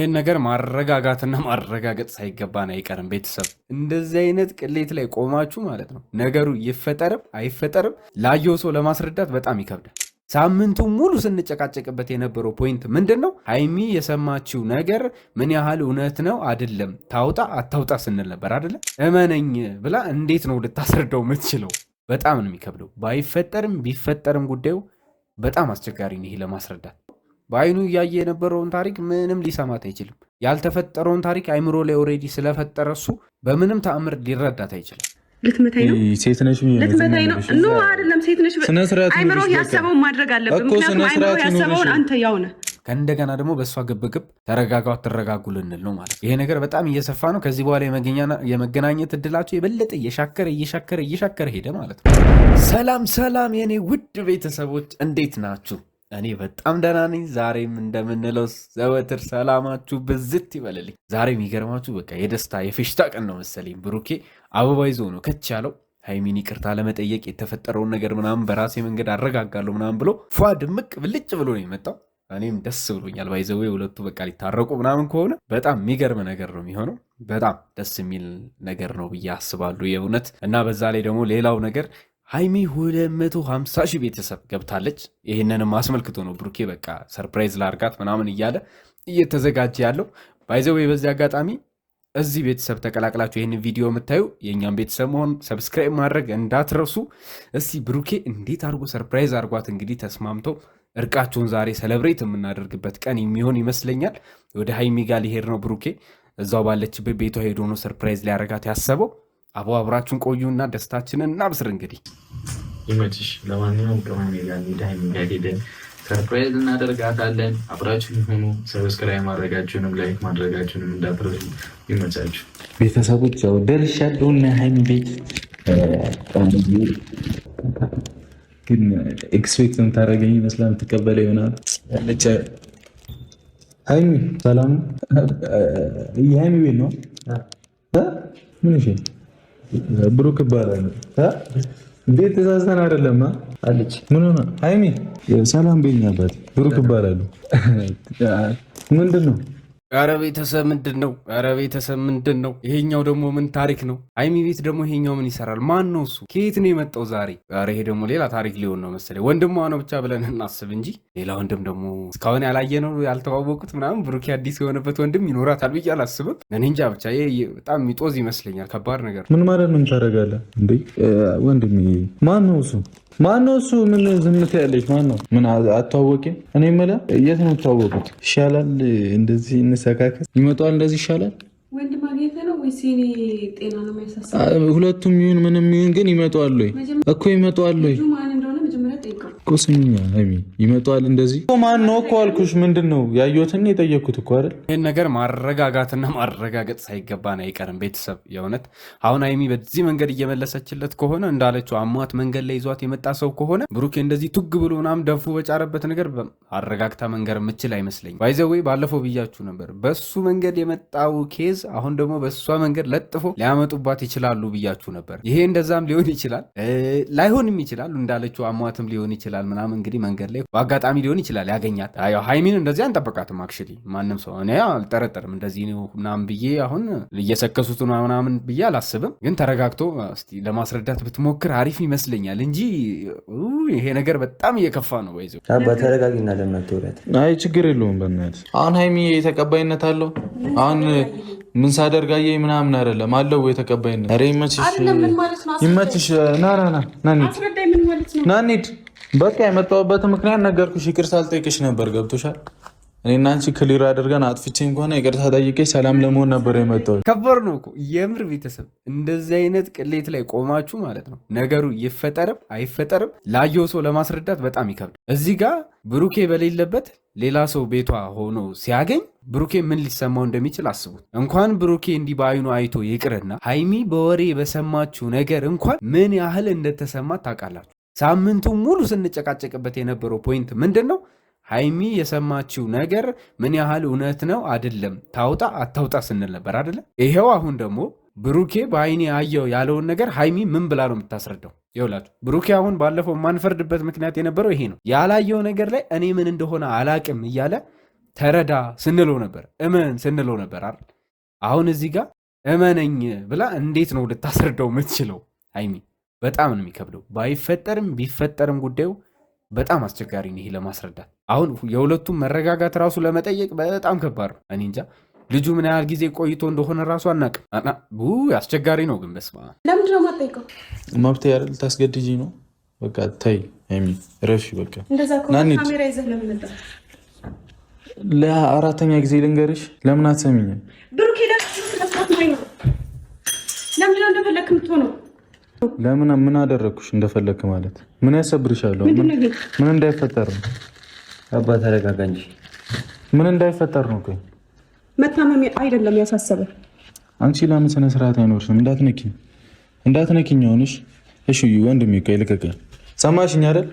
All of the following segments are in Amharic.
ይህን ነገር ማረጋጋትና ማረጋገጥ ሳይገባን አይቀርም። ቤተሰብ እንደዚህ አይነት ቅሌት ላይ ቆማችሁ ማለት ነው። ነገሩ ይፈጠርም አይፈጠርም ላየው ሰው ለማስረዳት በጣም ይከብዳል። ሳምንቱ ሙሉ ስንጨቃጨቅበት የነበረው ፖይንት ምንድን ነው? ሀይሚ የሰማችው ነገር ምን ያህል እውነት ነው አይደለም፣ ታውጣ አታውጣ ስንል ነበር አይደለም። እመነኝ ብላ እንዴት ነው ልታስረዳው የምትችለው? በጣም ነው የሚከብደው። ባይፈጠርም ቢፈጠርም ጉዳዩ በጣም አስቸጋሪ ነው ይሄ ለማስረዳት። በአይኑ እያየ የነበረውን ታሪክ ምንም ሊሰማት አይችልም። ያልተፈጠረውን ታሪክ አይምሮ ላይ ኦልሬዲ ስለፈጠረ እሱ በምንም ተአምር ሊረዳት አይችልም። ልትመታኝ ነው፣ ሴት ነሽ ልትመታኝ ነው። አይደለም ሴት ነሽ። አይምሮ ያሰበውን ማድረግ አለብን። ምክንያቱም አይምሮ ያሰበውን አንተ ያው ነህ አለባችሁ። ከእንደገና ደግሞ በእሷ ግብግብ ተረጋጋ አትረጋጉ ልንል ነው ማለት። ይሄ ነገር በጣም እየሰፋ ነው። ከዚህ በኋላ የመገናኘት እድላቸው የበለጠ እየሻከረ እየሻከረ እየሻከረ ሄደ ማለት ነው። ሰላም ሰላም፣ የኔ ውድ ቤተሰቦች እንዴት ናችሁ? እኔ በጣም ደህና ነኝ። ዛሬም እንደምንለው ዘወትር ሰላማችሁ ብዝት ይበልልኝ። ዛሬ የሚገርማችሁ በቃ የደስታ የፌሽታ ቀን ነው መሰለኝ። ብሩኬ አበባ ይዞ ነው ከች ያለው ሀይሚን ይቅርታ ለመጠየቅ የተፈጠረውን ነገር ምናምን በራሴ መንገድ አረጋጋለሁ ምናምን ብሎ ፏ ድምቅ ብልጭ ብሎ ነው የመጣው። እኔም ደስ ብሎኛል። ባይዘዌ ሁለቱ በቃ ሊታረቁ ምናምን ከሆነ በጣም የሚገርም ነገር ነው የሚሆነው። በጣም ደስ የሚል ነገር ነው ብዬ አስባሉ የእውነት እና በዛ ላይ ደግሞ ሌላው ነገር ሀይሚ 250 ሺህ ቤተሰብ ገብታለች። ይህንንም አስመልክቶ ነው ብሩኬ በቃ ሰርፕራይዝ ላርጋት ምናምን እያለ እየተዘጋጀ ያለው ባይዘዌ። በዚህ አጋጣሚ እዚህ ቤተሰብ ተቀላቅላችሁ ይህን ቪዲዮ የምታዩ የእኛም ቤተሰብ መሆን ሰብስክራይብ ማድረግ እንዳትረሱ። እስቲ ብሩኬ እንዴት አድርጎ ሰርፕራይዝ አድርጓት እንግዲህ ተስማምተው እርቃችሁን ዛሬ ሰለብሬት የምናደርግበት ቀን የሚሆን ይመስለኛል። ወደ ሀይሚ ጋር ሊሄድ ነው ብሩኬ። እዛው ባለችበት ቤቷ ሄዶ ነው ሰርፕራይዝ ሊያረጋት ያሰበው። አቦ አብራችሁን ቆዩና ደስታችንን እናብስር። እንግዲህ ይመችሽ። ለማንኛውም ቅማሜ ጋር ሄደ ሀይሚ ጋር ሄደን ሰርፕራይዝ እናደርጋታለን። አብራችሁን ሆኑ። ሰብስክራይብ ማድረጋችሁንም ላይክ ማድረጋችሁንም እንዳትረሱ። ይመቻችሁ ቤተሰቦች። ያው ደርሻለሁ እና ሀይሚ ቤት ግን ኤክስፔክት የምታደርገኝ ይመስላል የምትቀበለው ይሆናል ያለች ሀይሚ ሰላም የሀይሚ ቤት ነው ምን እሺ ብሩክ ይባላል ቤት ተዛዘን አይደለም አለች ምን ሆነ ሀይሚ ሰላም ቤኛ አባት ብሩክ ይባላሉ ምንድን ነው አረ ቤተሰብ ምንድን ነው? አረ ቤተሰብ ምንድን ነው? ይሄኛው ደግሞ ምን ታሪክ ነው? አይሚ ቤት ደግሞ ይሄኛው ምን ይሰራል? ማን ነው እሱ? ከየት ነው የመጣው ዛሬ? አረ ይሄ ደግሞ ሌላ ታሪክ ሊሆን ነው መሰለኝ። ወንድሟ ነው ብቻ ብለን እናስብ እንጂ ሌላ ወንድም ደግሞ እስካሁን ያላየነው ያልተዋወቁት ምናምን ብሩኬ አዲስ የሆነበት ወንድም ይኖራታል ብዬ አላስብም። እኔ እንጃ ብቻ በጣም የሚጦዝ ይመስለኛል። ከባድ ነገር ምን ማለት ነው? ታደርጋለህ እንዴ ወንድም ማን ነው እሱ? ማን ነው እሱ? ምን ዝምት ያለች ማን ነው? ምን አታወቂም? እኔ የምልህ የት ነው የምታወቁት? ይሻላል እንደዚህ እንሰካከስ ይመጣዋል። እንደዚህ ይሻላል። ሁለቱም ይሁን ምንም ይሁን ግን ይመጣዋል እኮ ይመጣዋል። ቁስኛ ሀይሚ ይመጣል። እንደዚህ ማን ነው እኮ አልኩሽ። ምንድን ነው ያየሁትን የጠየኩት እኮ አይደል። ይህን ነገር ማረጋጋትና ማረጋገጥ ሳይገባን አይቀርም። ቤተሰብ የእውነት አሁን ሀይሚ በዚህ መንገድ እየመለሰችለት ከሆነ እንዳለችው አሟት መንገድ ላይ ይዟት የመጣ ሰው ከሆነ ብሩኬ እንደዚህ ቱግ ብሎ ምናምን ደፉ በጫረበት ነገር አረጋግታ መንገር የምችል አይመስለኝም። ባይዘዌ ባለፈው ብያችሁ ነበር። በሱ መንገድ የመጣው ኬዝ አሁን ደግሞ በእሷ መንገድ ለጥፎ ሊያመጡባት ይችላሉ ብያችሁ ነበር። ይሄ እንደዛም ሊሆን ይችላል፣ ላይሆንም ይችላል። እንዳለችው አሟትም ሊሆን ይችላል ይችላል ምናምን እንግዲህ መንገድ ላይ በአጋጣሚ ሊሆን ይችላል ያገኛት። ያው ሀይሚን እንደዚህ አንጠበቃትም። አክቹዋሊ ማንም ሰው እኔ አልጠረጠርም እንደዚህ ምናምን ብዬ አሁን እየሰከሱት ምናምን ብዬ አላስብም። ግን ተረጋግቶ እስኪ ለማስረዳት ብትሞክር አሪፍ ይመስለኛል እንጂ ይሄ ነገር በጣም እየከፋ ነው። ይዘ በተረጋጊና ለምናትውረት አይ ችግር የለውም። በእናት አሁን ሀይሚ የተቀባይነት አለው አሁን ምን ሳደርጋየ ምናምን አይደለም አለው የተቀባይነት። ኧረ ይመችሽ፣ ይመችሽ። ና ና በቃ የመጣሁበት ምክንያት ነገርኩሽ። ይቅርታ አልጠይቅሽ ነበር ገብቶሻል። እኔ አንቺ ክሊር አድርገን አጥፍቼም ከሆነ ይቅርታ ጠይቄ ሰላም ለመሆን ነበር የመጣሁት። ከባድ ነው እኮ የምር ቤተሰብ፣ እንደዚህ አይነት ቅሌት ላይ ቆማችሁ ማለት ነው። ነገሩ ይፈጠርም አይፈጠርም ላየው ሰው ለማስረዳት በጣም ይከብዳል። እዚህ ጋር ብሩኬ በሌለበት ሌላ ሰው ቤቷ ሆኖ ሲያገኝ ብሩኬ ምን ሊሰማው እንደሚችል አስቡት። እንኳን ብሩኬ እንዲህ በአይኑ አይቶ ይቅርና ሀይሚ በወሬ በሰማችው ነገር እንኳን ምን ያህል እንደተሰማ ታውቃላችሁ። ሳምንቱ ሙሉ ስንጨቃጨቅበት የነበረው ፖይንት ምንድን ነው? ሀይሚ የሰማችው ነገር ምን ያህል እውነት ነው አይደለም፣ ታውጣ አታውጣ ስንል ነበር አይደለም። ይሄው አሁን ደግሞ ብሩኬ በአይኔ አየው ያለውን ነገር ሀይሚ ምን ብላ ነው የምታስረዳው? ይውላችሁ ብሩኬ አሁን ባለፈው የማንፈርድበት ምክንያት የነበረው ይሄ ነው። ያላየው ነገር ላይ እኔ ምን እንደሆነ አላቅም እያለ ተረዳ ስንለው ነበር፣ እመን ስንለው ነበር አይደል? አሁን እዚህ ጋር እመነኝ ብላ እንዴት ነው ልታስረዳው የምትችለው ሀይሚ? በጣም ነው የሚከብደው። ባይፈጠርም ቢፈጠርም ጉዳዩ በጣም አስቸጋሪ ነው። ይሄ ለማስረዳት አሁን የሁለቱም መረጋጋት ራሱ ለመጠየቅ በጣም ከባድ ነው። እኔ እንጃ ልጁ ምን ያህል ጊዜ ቆይቶ እንደሆነ ራሱ አናውቅም። አስቸጋሪ ነው። ግን በስመ አብ ለምንድን ነው የማትጠይቀው? መብት ያለ ልታስገድጂ ነው። በቃ ታይ ረፊ በቃ ለአራተኛ ጊዜ ልንገርሽ፣ ለምን አትሰሚኝም? ብሩክ ነው። ለምንድን ነው እንደፈለግ የምትሆነው ለምን ምን አደረግኩሽ? እንደፈለክ ማለት ምን ያሰብርሻለሁ? ምን እንዳይፈጠር ነው? አባ ተረጋጋ እንጂ ምን እንዳይፈጠር ነው? ቆይ መታመም አይደለም ያሳሰበ። አንቺ ለምን ስነ ስርዓት አይኖርሽም? እንዳትነኪኝ፣ እንዳትነኪኝ። አሁንሽ እሺ፣ ወንድሜ ቆይ ልቀቀኝ። ሰማሽኝ አይደል?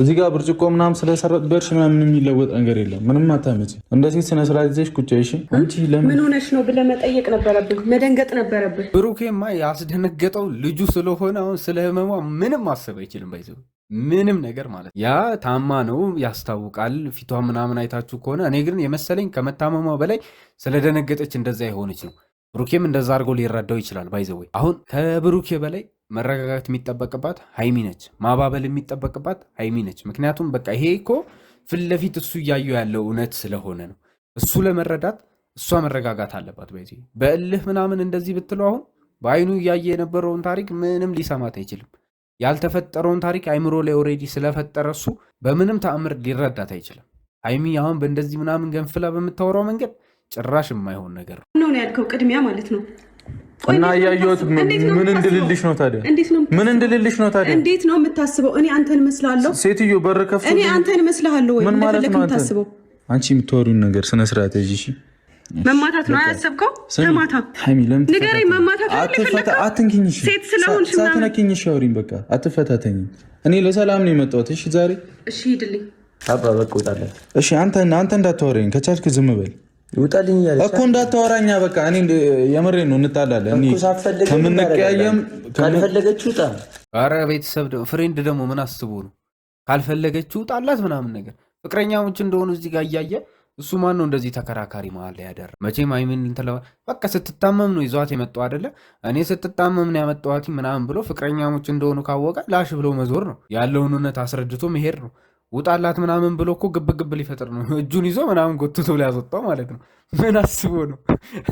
እዚህ ጋር ብርጭቆ ምናምን ስለሰረጥ በርሽ ምናምን የሚለወጥ ነገር የለም። ምንም አታመጪ። እንደዚህ ስነ ስርዓት ይዘሽ ቁጭ ብለሽ አንቺ ምን ሆነሽ ነው ብለህ መጠየቅ ነበረብህ፣ መደንገጥ ነበረብህ። ብሩኬማ ያስደነገጠው ልጁ ስለሆነ አሁን ስለ ህመሟ ምንም ማሰብ አይችልም። ባይዘው ምንም ነገር ማለት ያ ታማ ነው ያስታውቃል። ፊቷ ምናምን አይታችሁ ከሆነ እኔ ግን የመሰለኝ ከመታመሟ በላይ ስለደነገጠች እንደዛ የሆነች ነው። ብሩኬም እንደዛ አድርጎ ሊረዳው ይችላል። ባይዘወይ አሁን ከብሩኬ በላይ መረጋጋት የሚጠበቅባት ሀይሚ ነች። ማባበል የሚጠበቅባት ሀይሚ ነች። ምክንያቱም በቃ ይሄ እኮ ፊት ለፊት እሱ እያየው ያለው እውነት ስለሆነ ነው። እሱ ለመረዳት እሷ መረጋጋት አለባት። በዚህ በእልህ ምናምን እንደዚህ ብትለው አሁን በአይኑ እያየ የነበረውን ታሪክ ምንም ሊሰማት አይችልም። ያልተፈጠረውን ታሪክ አይምሮ ላይ ኦልሬዲ ስለፈጠረ እሱ በምንም ተአምር ሊረዳት አይችልም። ሀይሚ አሁን በእንደዚህ ምናምን ገንፍላ በምታወራው መንገድ ጭራሽ የማይሆን ነገር ነው ያልከው ቅድሚያ ማለት ነው እና እያየሁት ምን እንድልልሽ ነው ታዲያ? ምን እንድልልሽ ነው ታዲያ? እንዴት ነው የምታስበው? እኔ አንተን እመስልሃለሁ? ሴትዮ በር ከፍቶ እኔ አንተን እመስልሃለሁ ወይ? ምን ማለት ነው አንተ? አንቺ የምታወሪውን ነገር ስነ ስርዓት ያዥ። እሺ መማታት ነው ያሰብከው? ተማታ። ንገረኝ፣ መማታት አትንኪኝ። ሴት ስለሆንሽ ሳትነኪኝ አውሪኝ። በቃ አትፈታተኝ። እኔ ለሰላም ነው የመጣሁት። እሺ ዛሬ እሺ፣ ሂድልኝ። አባ በቃ እወጣለሁ። እሺ አንተ አንተ እንዳታወሪኝ ከቻልክ ዝም በል። ይውጣልኝ ያለ እኮ እንዳታወራኛ። በቃ እኔ የምሬ ነው፣ እንጣላለን። ከምንቀያየም ካልፈለገች ውጣ። አረ ቤተሰብ ፍሬንድ ደግሞ ምን አስቦ ነው? ካልፈለገች ውጣላት ምናምን ነገር ፍቅረኛሞች እንደሆኑ እዚህ ጋር እያየ እሱ ማን ነው እንደዚህ ተከራካሪ መሀል ላይ ያደረ? መቼም አይምን እንትለዋ በቃ ስትታመም ነው ይዟት የመጣው አደለ እኔ ስትታመም ነው ያመጣዋት ምናምን ብሎ ፍቅረኛሞች እንደሆኑ ካወቀ ላሽ ብሎ መዞር ነው ያለውን እውነት አስረድቶ መሄድ ነው። ውጣላት ምናምን ብሎ እኮ ግብግብ ሊፈጥር ነው። እጁን ይዞ ምናምን ጎትቶ ሊያስወጣው ማለት ነው። ምን አስቦ ነው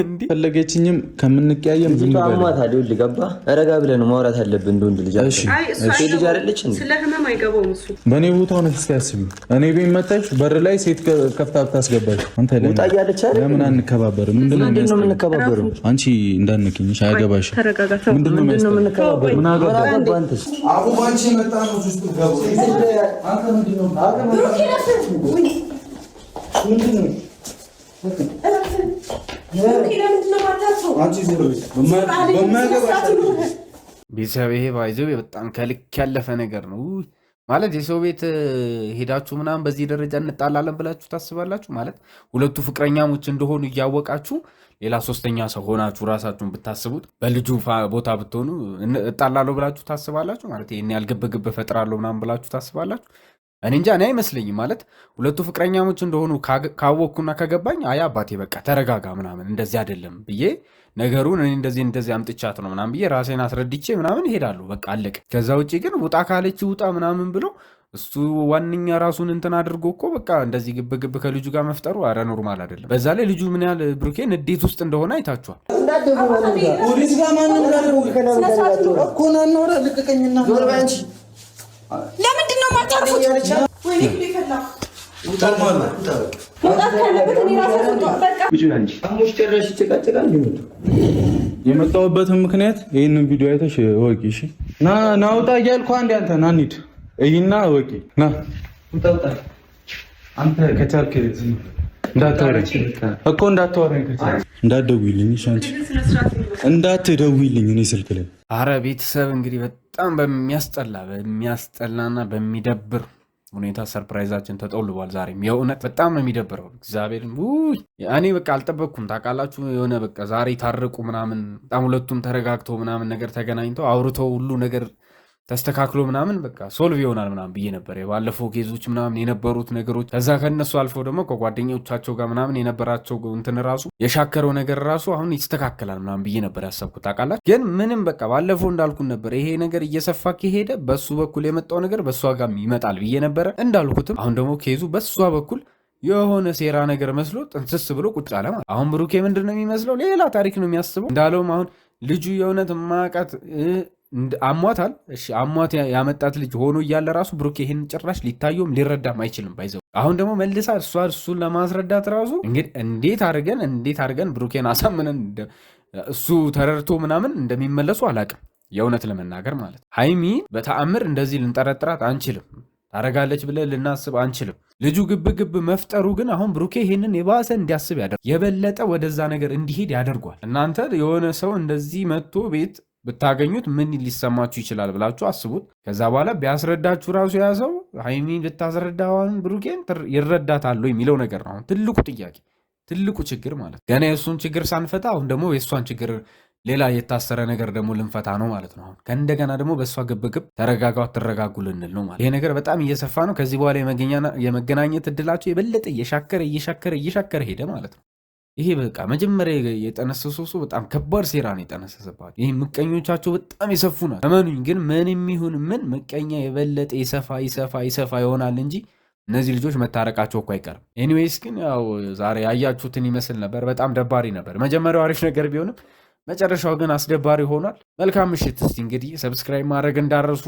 እንዲህ ፈለገችኝም ከምንቀያየም ዙማት አደ ልገባ ረጋ ብለህ ነው ማውራት አለብህ። እንደ ወንድ ልጅ ልጅ እንዴ? ስለ ህመም አይገባውም እሱ። በእኔ ቦታ ሆነሽ እስኪ አስቢ። እኔ ቤት መጣሽ በር ላይ ሴት ከፍታ ብታስገባሽ አንተ ለምን ለምን አንከባበርም? ምንድን ነው የምንከባበርም? አንቺ እንዳንክኝ አያገባሽ። ምንድን ነው የምንከባበር? ምን አገባ ቤተሰብ ይሄ ባይዘው በጣም ከልክ ያለፈ ነገር ነው ማለት የሰው ቤት ሄዳችሁ ምናምን በዚህ ደረጃ እንጣላለን ብላችሁ ታስባላችሁ? ማለት ሁለቱ ፍቅረኛሞች እንደሆኑ እያወቃችሁ ሌላ ሶስተኛ ሰው ሆናችሁ ራሳችሁን ብታስቡት በልጁ ቦታ ብትሆኑ እጣላለሁ ብላችሁ ታስባላችሁ? ማለት ይህን ያልግብግብ ፈጥራለሁ ምናምን ብላችሁ ታስባላችሁ? እኔ እንጃ እኔ አይመስለኝም። ማለት ሁለቱ ፍቅረኛሞች እንደሆኑ ካወቅኩና ከገባኝ አይ አባቴ በቃ ተረጋጋ ምናምን እንደዚህ አይደለም ብዬ ነገሩን እኔ እንደዚህ እንደዚህ አምጥቻት ነው ምናምን ብዬ ራሴን አስረድቼ ምናምን እሄዳለሁ። በቃ አለቀ። ከዛ ውጭ ግን ውጣ ካለች ውጣ ምናምን ብሎ እሱ ዋነኛ ራሱን እንትን አድርጎ እኮ በቃ እንደዚህ ግብግብ ከልጁ ጋር መፍጠሩ አረ ኖርማል አይደለም። በዛ ላይ ልጁ ምን ያህል ብሩኬን እንዴት ውስጥ እንደሆነ አይታችኋል። ፖሊስ ጋር ማንም ለምንድን ነው የማታርፉት? የመጣሁበትን ምክንያት ይህንን ቪዲዮ አይተሽ እሺ ና እያልኩ አንዴ አንተ ና እንሂድ እይና ና እኮ እንዳትደውይልኝ እንዳትደውይልኝ እኔ ስልክ ላይ አረ ቤተሰብ እንግዲህ በጣም በሚያስጠላ በሚያስጠላና በሚደብር ሁኔታ ሰርፕራይዛችን ተጠውልቧል። ዛሬም የእውነት በጣም ነው የሚደብረው። እግዚአብሔርን እኔ በቃ አልጠበቅኩም። ታውቃላችሁ የሆነ በቃ ዛሬ ታርቁ ምናምን በጣም ሁለቱም ተረጋግተው ምናምን ነገር ተገናኝተው አውርተው ሁሉ ነገር ተስተካክሎ ምናምን በቃ ሶልቭ ይሆናል ምናምን ብዬ ነበር። የባለፈው ኬዞች ምናምን የነበሩት ነገሮች ከዛ ከነሱ አልፈው ደግሞ ከጓደኞቻቸው ጋር ምናምን የነበራቸው እንትን ራሱ የሻከረው ነገር ራሱ አሁን ይስተካከላል ምናምን ብዬ ነበር ያሰብኩት። ታውቃላችሁ፣ ግን ምንም በቃ ባለፈው እንዳልኩት ነበር ይሄ ነገር እየሰፋ ከሄደ በሱ በኩል የመጣው ነገር በእሷ ጋም ይመጣል ብዬ ነበረ። እንዳልኩትም አሁን ደግሞ ኬዙ በእሷ በኩል የሆነ ሴራ ነገር መስሎ ጥንስስ ብሎ ቁጭ አለ ማለት። አሁን ብሩኬ ምንድን ነው የሚመስለው? ሌላ ታሪክ ነው የሚያስበው። እንዳለውም አሁን ልጁ የእውነት ማቃት አሟታል። እሺ አሟት ያመጣት ልጅ ሆኖ እያለ ራሱ ብሩክ ይሄን ጭራሽ ሊታየውም ሊረዳም አይችልም። ባይዘው አሁን ደግሞ መልሳ እሷ እሱን ለማስረዳት ራሱ እንግዲህ እንዴት አድርገን እንዴት አድርገን ብሩኬን አሳምነን እሱ ተረድቶ ምናምን እንደሚመለሱ አላቅም። የእውነት ለመናገር ማለት ሀይሚ በተአምር እንደዚህ ልንጠረጥራት አንችልም። ታረጋለች ብለን ልናስብ አንችልም። ልጁ ግብ ግብ መፍጠሩ ግን አሁን ብሩኬ ይሄንን የባሰ እንዲያስብ ያደርጋል። የበለጠ ወደዛ ነገር እንዲሄድ ያደርጓል። እናንተ የሆነ ሰው እንደዚህ መጥቶ ቤት ብታገኙት ምን ሊሰማችሁ ይችላል ብላችሁ አስቡት። ከዛ በኋላ ቢያስረዳችሁ ራሱ የያዘው ሀይሚ ብታስረዳዋን ብሩኬን ይረዳታለሁ የሚለው ነገር ነው። ትልቁ ጥያቄ ትልቁ ችግር ማለት ገና የእሱን ችግር ሳንፈታ አሁን ደግሞ የእሷን ችግር ሌላ የታሰረ ነገር ደግሞ ልንፈታ ነው ማለት ነው። አሁን ከእንደገና ደግሞ በእሷ ግብግብ ተረጋጋ ትረጋጉ ልንል ነው ማለት ይሄ ነገር በጣም እየሰፋ ነው። ከዚህ በኋላ የመገናኘት እድላቸው የበለጠ እየሻከረ እየሻከረ እየሻከረ ሄደ ማለት ነው። ይሄ በቃ መጀመሪያ የጠነሰሰው ሰው በጣም ከባድ ሴራ ነው የጠነሰሰባቸው። ይህ ምቀኞቻቸው በጣም የሰፉ ናቸው። እመኑኝ ግን ምን ይሁን ምን ምቀኛ የበለጠ የሰፋ ይሰፋ ይሰፋ ይሆናል እንጂ እነዚህ ልጆች መታረቃቸው እኮ አይቀርም። ኤኒዌይስ ግን ያው ዛሬ ያያችሁትን ይመስል ነበር። በጣም ደባሪ ነበር። መጀመሪያው አሪፍ ነገር ቢሆንም መጨረሻው ግን አስደባሪ ሆኗል። መልካም ምሽት። እስቲ እንግዲህ ሰብስክራይብ ማድረግ እንዳረሱ